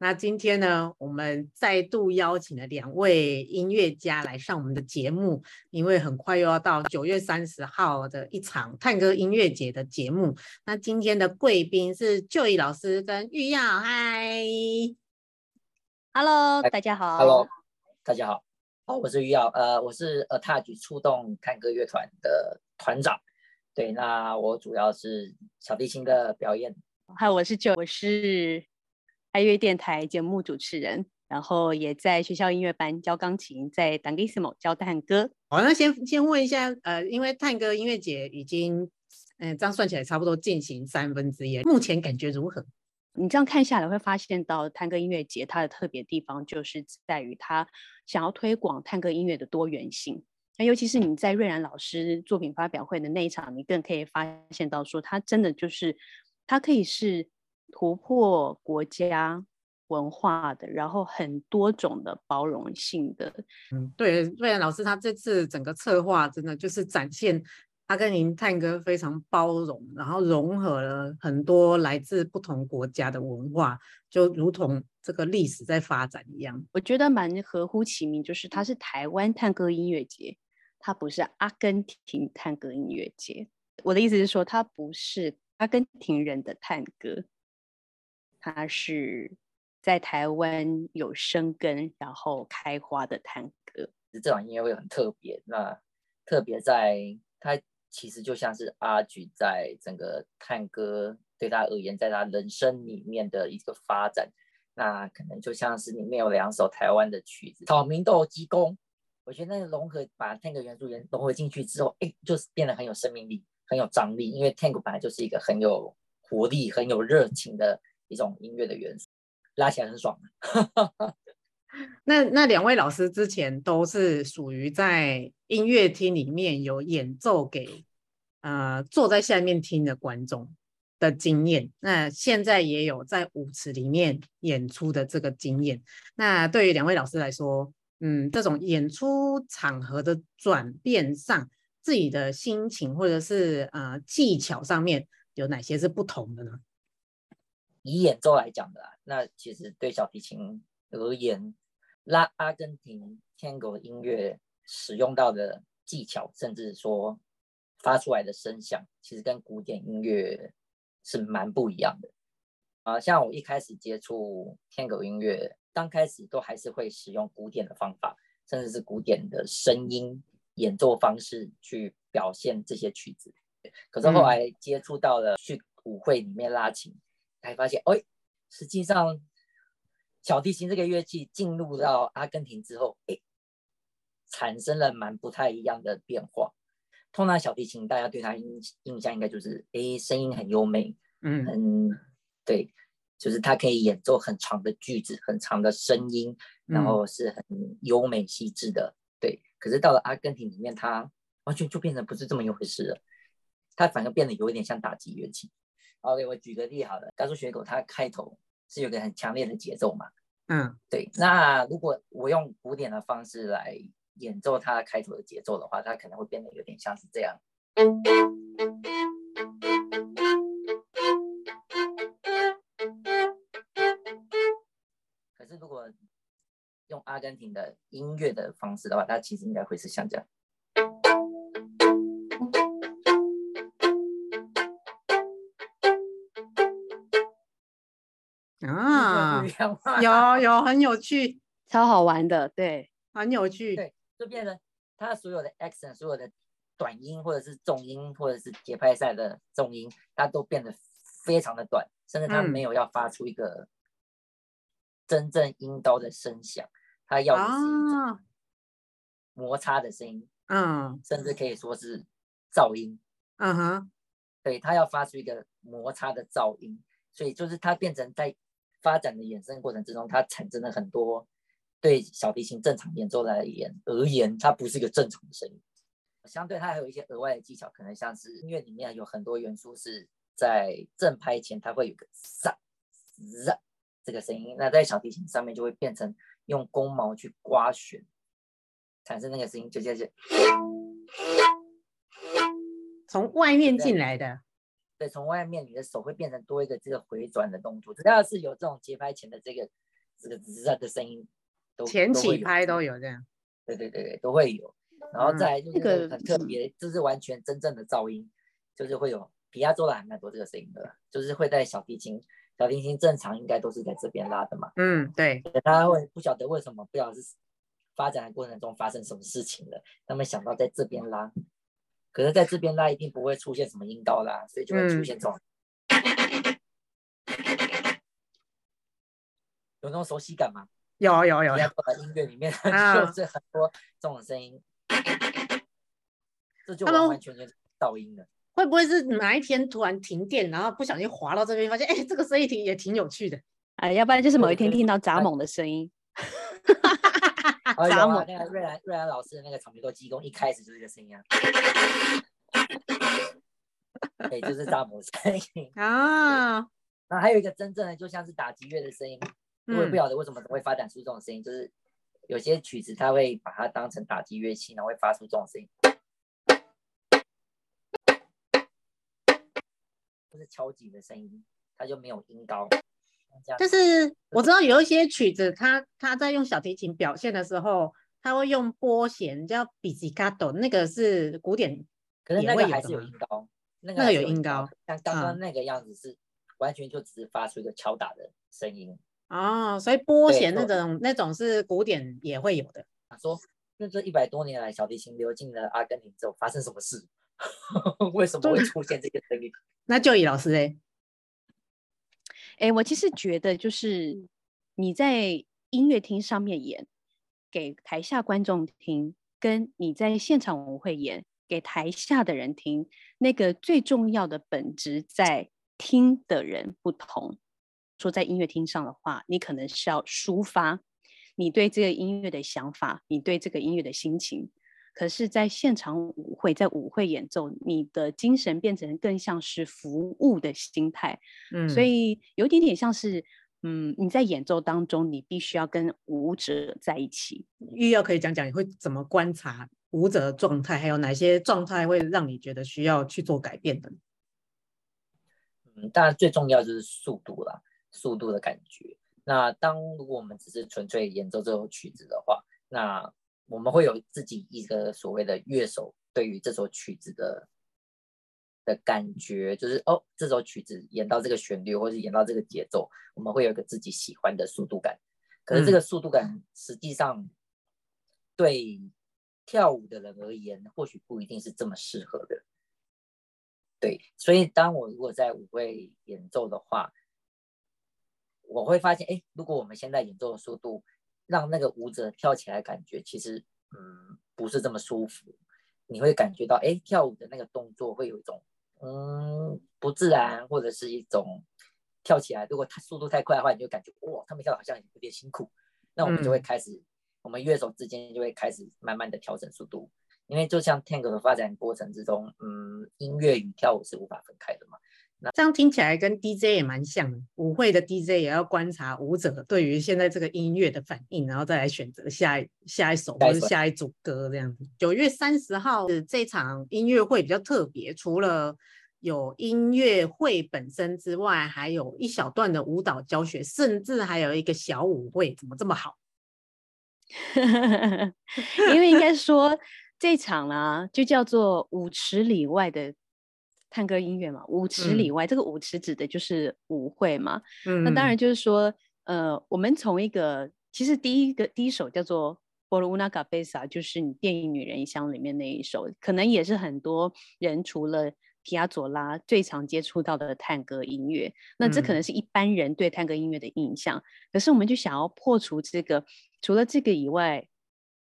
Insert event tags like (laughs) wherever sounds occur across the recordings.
那今天呢，我們再度邀請了兩位音樂家來上我們的節目，因為很快又要到九月三十號的一場探戈音樂節的節目。那今天的貴賓是 Joy 老師跟譽耀，嗨，Hello，Hi, 大家好，Hello，大家好，好，我是譽耀，呃，我是 A Touch 觸動探戈樂團的團長，對，那我主要是小提琴的表演，嗨，我是 Joy，我是。音樂電台節目主持人，然後也在學校音樂班教鋼琴，在 Dangissimo 教探戈。好，那先先問一下，呃，因為探戈音樂節已經，嗯、呃，這樣算起來差不多進行三分之一，目前感覺如何？你這樣看下來會發現到，探戈音樂節它的特別地方就是在於它想要推廣探戈音樂的多元性。那尤其是你在瑞然老師作品發表會的那一場，你更可以發現到，說它真的就是它可以是。突破國家文化的，然後很多種的包容性的，嗯，對，瑞安老師他這次整個策劃真的就是展現阿根廷探戈非常包容，然後融合了很多來自不同國家的文化，就如同這個歷史在發展一樣。我覺得蠻合乎其名，就是它是台灣探戈音樂節，它不是阿根廷探戈音樂節。我的意思是說，它不是阿根廷人的探戈。他是在台灣有生根，然後開花的探戈。就這種音樂會很特別，那特別在它其實就像是阿菊在整個探戈對他而言，在他人生裡面的一個發展。那可能就像是裡面有兩首台灣的曲子，《草民鬥雞公》。我覺得那個融合把探戈元素也融合進去之後，哎、欸，就是變得很有生命力，很有張力。因為探戈本來就是一個很有活力、很有熱情的。一種音樂的元素拉起來很爽哈。 (laughs) 那那兩位老師之前都是屬於在音樂廳裡面有演奏給啊、呃、坐在下面聽的觀眾的經驗，那現在也有在舞池裡面演出的這個經驗。那對於兩位老師來說，嗯，這種演出場合的轉變上，自己的心情或者是啊、呃、技巧上面有哪些是不同的呢？以演奏來講的啦，那其實對小提琴而言，拉阿根廷探戈音樂使用到的技巧，甚至說發出來的聲響，其實跟古典音樂是蠻不一樣的。啊，像我一開始接觸探戈音樂，剛開始都還是會使用古典的方法，甚至是古典的聲音演奏方式去表現這些曲子。嗯、可是後來接觸到了去舞會裡面拉琴。才發現，哎、哦，實際上小提琴這個樂器進入到阿根廷之後，哎、欸，產生了蠻不太一樣的變化。通常小提琴大家對它印印象應該就是，哎、欸，聲音很優美，嗯，mm. 對，就是它可以演奏很長的句子、很長的聲音，然後是很優美細緻的，對。可是到了阿根廷裡面，它完全就變成不是這麼一回事了，它反而變得有一點像打擊樂器。OK，我舉個例好了，甘肅雪狗，它開頭是有一個很強烈的節奏嘛，嗯，對。那如果我用古典的方式來演奏它開頭的節奏的話，它可能會變得有點像是這樣。嗯。可是如果用阿根廷的音樂的方式的話，它其實應該會是像這樣。啊，有有很有趣，超好玩的，對，很有趣，對，就變成他所有的 accent，所有的短音或者是重音，或者是節拍賽的重音，它都變得非常的短，甚至它沒有要發出一個真正音高的聲響，嗯、它要的是、啊、摩擦的聲音，嗯，甚至可以說是噪音，嗯哼，對，它要發出一個摩擦的噪音，所以就是它變成在。發展的衍生過程之中，它產生了很多對小提琴正常演奏來言而言，它不是一個正常的聲音。相對它還有一些額外的技巧，可能像是音樂裡面有很多元素是在正拍前它會有個 z z 這個聲音，那在小提琴上面就會變成用弓毛去刮絃，產生那個聲音，就叫做從外面進來的。對，從外面你的手會變成多一個這個回轉的動作，只要是有這種節拍前的這個這個吱喳的聲音都，前起拍都有這樣。對對對對，都會有。然後再來就是個很特別，嗯、就是完全真正的噪音，嗯、就是會有比亞洲的還蠻多這個聲音的，就是會帶小提琴，小提琴正常應該都是在這邊拉的嘛。嗯，對。大家會不曉得為什麼，不曉得是發展的過程中發生什麼事情了，他們想到在這邊拉。可是在這邊，那一定不會出現什麼音道啦、啊，所以就會出現、嗯、這種有那種熟悉感嗎？有有有，在音樂裡面、啊、就是很多這種聲音，啊、這就完完全全是噪音了。會不會是哪一天突然停電，然後不小心滑到這邊，發現哎、欸，這個聲音聽也挺有趣的。哎，要不然就是某一天聽到砸猛的聲音。 (laughs) 哦，那個、啊啊、瑞蘭瑞蘭老師的那個草莓豆雞公一開始就是這個聲音啊， (laughs) 對，就是砸模聲音啊。那、 (laughs) (laughs) oh. 還有一個真正的就像是打擊樂的聲音，我也、mm. 不曉得為什麼會發展出這種聲音，就是有些曲子他會把它當成打擊樂器，然後會發出這種聲音，就 (laughs) 是敲擊的聲音，它就沒有音高。就是我知道有一些曲子他，他他在用小提琴表現的時候，他會用撥弦叫比西卡朵，那個是古典，可能那個還是有音高，那個有音高，音高像剛剛那個樣子是完全就只是發出一個敲打的聲音哦，所以撥弦對那種那種是古典也會有的。他說，那這一百多年來小提琴流進了阿根廷之後發生什麼事？ (laughs) 為什麼會出現這個聲音？ (laughs) 那 Joy 老師嘞？誒、欸，我其實覺得，就是你在音樂廳上面演給台下觀眾聽，跟你在現場舞會演給台下的人聽，那個最重要的本質在聽的人不同。說在音樂廳上的話，你可能是要抒發你對這個音樂的想法，你對這個音樂的心情。可是，在現場舞會在舞會演奏，你的精神變成更像是服務的心態，嗯，所以有點點像是，嗯，你在演奏當中，你必須要跟舞者在一起。譽耀可以講講，你會怎麼觀察舞者的狀態，還有哪些狀態會讓你覺得需要去做改變的？嗯，當然最重要就是速度了，速度的感覺。那當如果我們只是純粹演奏這首曲子的話，那。我們會有自己一個所謂的樂手對於這首曲子的的感覺，就是哦，這首曲子演到這個旋律，或是演到這個節奏，我們會有一個自己喜歡的速度感。可是這個速度感實際上對跳舞的人而言，或許不一定是這麼適合的。對，所以當我如果在舞會演奏的話，我會發現，哎，如果我們現在演奏的速度，讓那個舞者跳起來，感覺其實嗯不是這麼舒服，你會感覺到哎跳舞的那個動作會有一種嗯不自然，或者是一種跳起來，如果他速度太快的話，你就感覺哇他們跳得好像有點辛苦。那我們就會開始，嗯、我們樂手之間就會開始慢慢的調整速度，因為就像 Tango 的發展過程之中，嗯音樂與跳舞是無法分開的嘛。這樣聽起來跟 DJ 也蠻像的，舞會的 DJ 也要觀察舞者對於現在這個音樂的反應，然後再來選擇下一下一首或是下一組歌這樣子。九月三十號的這場音樂會比較特別，除了有音樂會本身之外，還有一小段的舞蹈教學，甚至還有一個小舞會，怎麼這麼好？ (laughs) 因為應該說 (laughs) 這場啊，就叫做舞池裡外的。探戈音樂嘛，舞池裡外，嗯、這個舞池指的就是舞會嘛。嗯、那當然就是說，呃，我們從一個其實第一個第一首叫做《Por una Cabeza》就是你電影《女人香》裡面那一首，可能也是很多人除了皮亞佐拉最常接觸到的探戈音樂。那這可能是一般人對探戈音樂的印象，嗯、可是我們就想要破除這個，除了這個以外，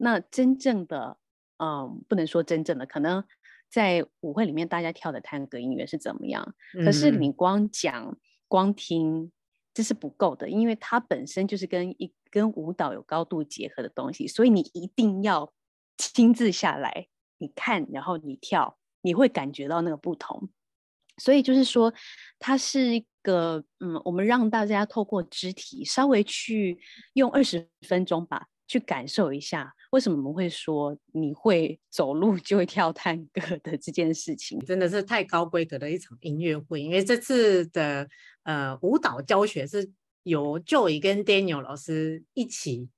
那真正的，嗯、呃，不能說真正的，可能。在舞會裡面，大家跳的探戈音樂是怎麼樣？可是你光講、光聽這是不夠的，因為它本身就是跟一跟舞蹈有高度結合的東西，所以你一定要親自下來，你看，然後你跳，你會感覺到那個不同。所以就是說，它是一個嗯，我們讓大家透過肢體稍微去用二十分鐘吧。去感受一下，為什麼我們會說你會走路就會跳探戈的這件事情，真的是太高規格的一場音樂會。因為這次的呃，舞蹈教學是由 Joy 跟 Daniel 老師一起，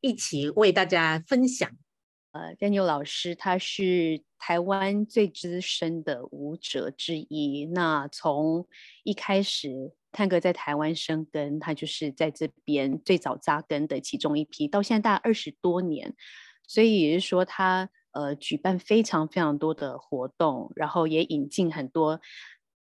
一起為大家分享。呃，Daniel 老師他是台灣最資深的舞者之一，那從一開始。探戈在台灣生根，他就是在這邊最早紮根的其中一批，到現在大概二十多年，所以也是說他呃舉辦非常非常多的活動，然後也引進很多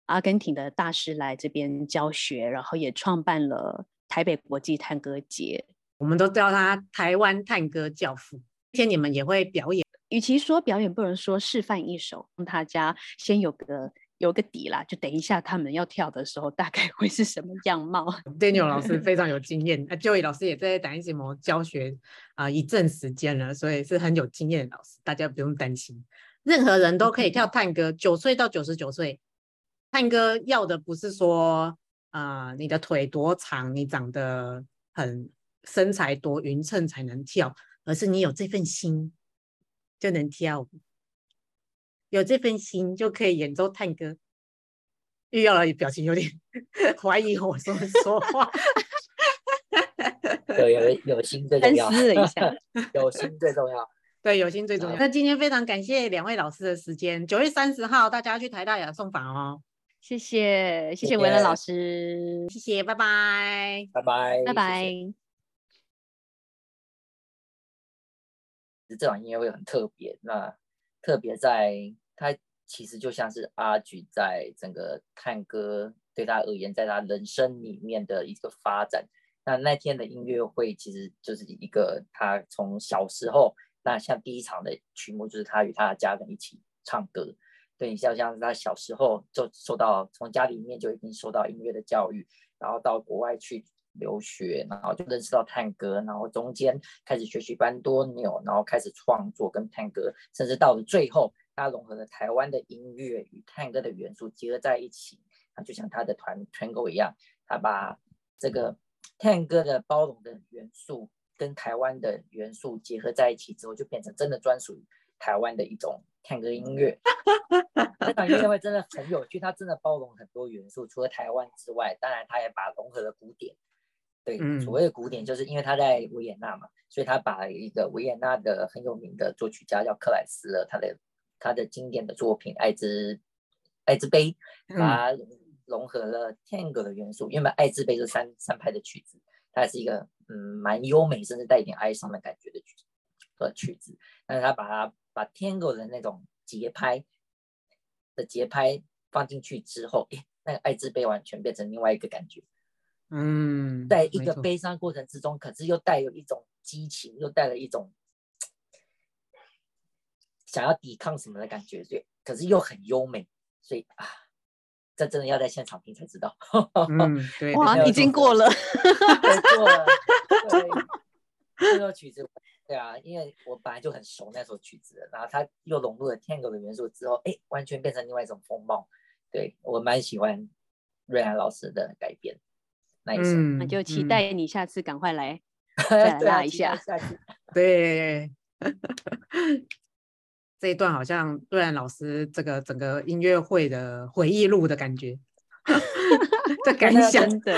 阿根廷的大師來這邊教學，然後也創辦了台北國際探戈節，我們都叫他台灣探戈教父。今天你們也會表演，與其說表演，不能說示範一首，讓大家先有個。有個底啦，就等一下他們要跳的時候，大概會是什麼樣貌？Daniel 老師非常有經驗，Joy 老師也在等一些教學啊、呃、一陣時間了，所以是很有經驗的老師，大家不用擔心。任何人都可以跳探戈，九、嗯、歲到九十九歲，探戈要的不是說啊、呃、你的腿多長，你長得很身材多勻稱才能跳，而是你有這份心就能跳舞。有這份心就可以演奏探戈。譽耀老師表情有點懷疑我說說話， (laughs) (laughs) 對，有有有心最重要。了一下，有心最重要。對，有心最重要。那，那今天非常感謝兩位老師的時間。九月三十號，大家去台大雅頌坊哦。謝謝，謝謝文樂老師，拜拜謝謝，拜拜，拜拜，謝謝拜拜。這場音樂會很特別，特別在，他其實就像是阿菊在整個探戈對他而言，在他人生裡面的一個發展。那那天的音樂會，其實就是一個他從小時候，那像第一場的曲目就是他與他的家人一起唱歌，對，你像像他小時候就受到從家裡面就已經受到音樂的教育，然後到國外去。留學，然後就認識到探戈，然後中間開始學習班多紐，然後開始創作跟探戈，甚至到了最後，他融合了台灣的音樂與探戈的元素結合在一起，就像他的團 Tango 一樣，他把這個探戈的包容的元素跟台灣的元素結合在一起之後，就變成真的專屬於台灣的一種探戈音樂。我感覺這位真的很有趣，他真的包容很多元素，除了台灣之外，當然他也把融合了古典。對，所謂的古典，就是因為他在維也納嘛，所以他把一個維也納的很有名的作曲家叫克萊斯勒，他的他的經典的作品《愛之愛之杯》，把他融合了天 a 的元素，因為愛之杯》這三三拍的曲子，它是一個嗯蠻優美甚至帶一點哀傷的感覺的曲曲子，但是他把它把 t a 的那種節拍的節拍放進去之後，那個《愛之杯》完全變成另外一個感覺。嗯，在一個悲傷過程之中，錯可是又帶有一種激情，又帶了一種想要抵抗什麼的感覺，對，可是又很優美，所以啊，這真的要在現場聽才知道。哈、嗯，對，哇，已經過了，過了。這首 (laughs) 曲子，對啊，因為我本來就很熟那首曲子，然後它又融入了探戈的元素之後，哎、欸，完全變成另外一種風貌。對，我蠻喜歡瑞安老師的改編。Nice. 嗯，那就期待你下次趕快來，嗯、 (laughs) 再來拉一下。下下下，對， (laughs) 這一段好像杜蘭老師這個整個音樂會的回憶錄的感覺，這 (laughs) 感想 (laughs) 的。